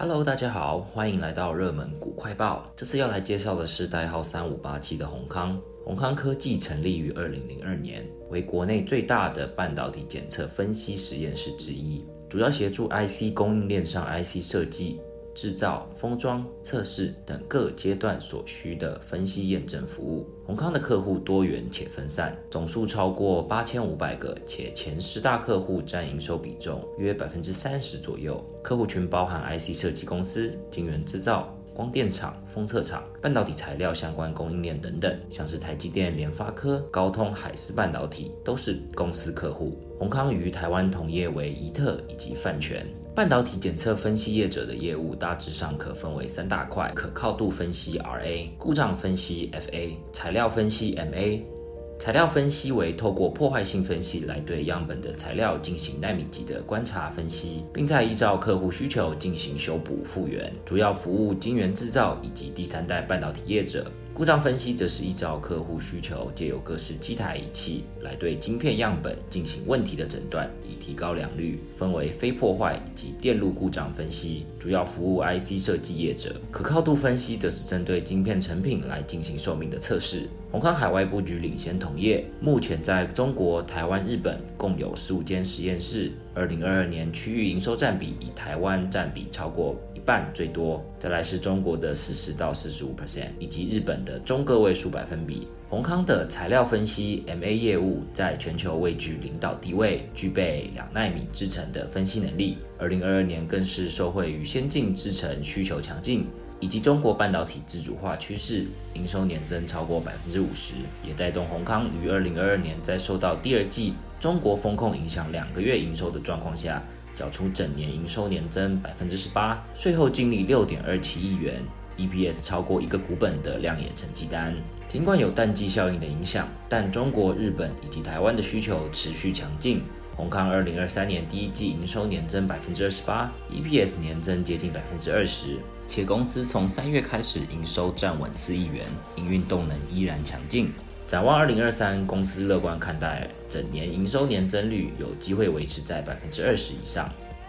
Hello，大家好，歡迎來到熱門股快報。這次要來介紹的是代號三五八七的閎康。閎康科技成立於二零零二年，為國內最大的半導體檢測分析實驗室之一，主要協助 IC 供應鏈上 IC 設計。製造、封裝、測試等各階段所需的分析驗證服務。閎康的客戶多元且分散，總數超過八千五百個，且前十大客戶佔營收比重約百分之三十左右。客戶群包含 IC 設計公司、晶圓製造、光電廠、封測廠、半導體材料相關供應鏈等等，像是台積電、聯發科、高通、海思半導體都是公司客戶。閎康與台灣同業為宜特以及汎銓。半導體檢測分析業者的業務大致上可分為三大塊：可靠度分析 （RA）、故障分析 （FA）、材料分析 （MA）。材料分析為透過破壞性分析來對樣本的材料進行納米級的觀察分析，並再依照客戶需求進行修補復原，主要服務晶圓製造以及第三代半導體業者。故障分析則是依照客戶需求，借由各式機台儀器來對晶片樣本進行問題的診斷，以提高良率，分為非破壞以及電路故障分析，主要服務 IC 設計業者。可靠度分析則是針對晶片成品來進行壽命的測試。閎康海外布局領先同業，目前在中國、台灣、日本共有十五間實驗室。二零二二年區域營收占比，以台灣占比超過一半最多，再來是中國的四十到四十五 percent，以及日本的中個位數百分比。閎康的材料分析 MA 業務在全球位居領導地位，具備兩納米製程的分析能力。二零二二年更是受惠於先進製程需求強勁。以及中國半導體自主化趨勢，營收年增超過百分之五十，也帶動閎康於二零二二年在受到第二季中國封控影響兩個月營收的狀況下，繳出整年營收年增百分之十八，稅後淨利六點二七億元，EPS 超過一個股本的亮眼成績單。儘管有淡季效應的影響，但中國、日本以及台灣的需求持續強勁。閎康二零二三年第一季營收年增百分之二十八，EPS 年增接近百分之二十，且公司從三月開始營收站穩四億元，營運動能依然強勁。展望二零二三，公司樂觀看待整年營收年增率有機會維持在百分之二十以上。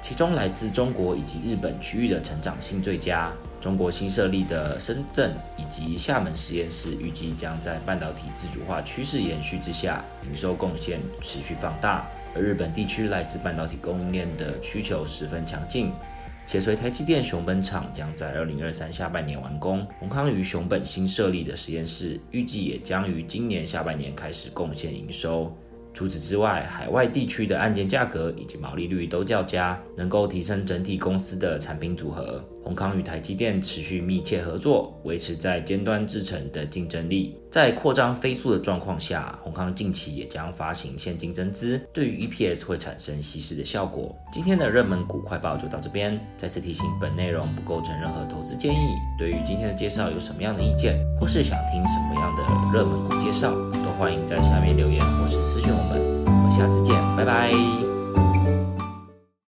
其中來自中國以及日本區域的成長性最佳。中國新設立的深圳以及廈門實驗室預計將在半導體自主化趨勢延續之下，營收貢獻持續放大。而日本地區來自半導體供應鏈的需求十分強勁，且隨台積電熊本廠將在二零二三下半年完工，閎康於熊本新設立的實驗室預計也將於今年下半年開始貢獻營收。除此之外，海外地區的案件價格以及毛利率都較佳，能夠提升整體公司的產品組合。閎康與台積電持續密切合作，維持在尖端制程的競爭力。在擴張飛速的狀況下，閎康近期也將發行現金增資，對於 EPS 會產生稀釋的效果。今天的熱門股快報就到這邊。再次提醒，本內容不構成任何投資建議。對於今天的介紹有什麼樣的意見，或是想聽什麼樣的熱門股介紹？歡迎在下面留言，或是私信我們。我們下次見，拜拜。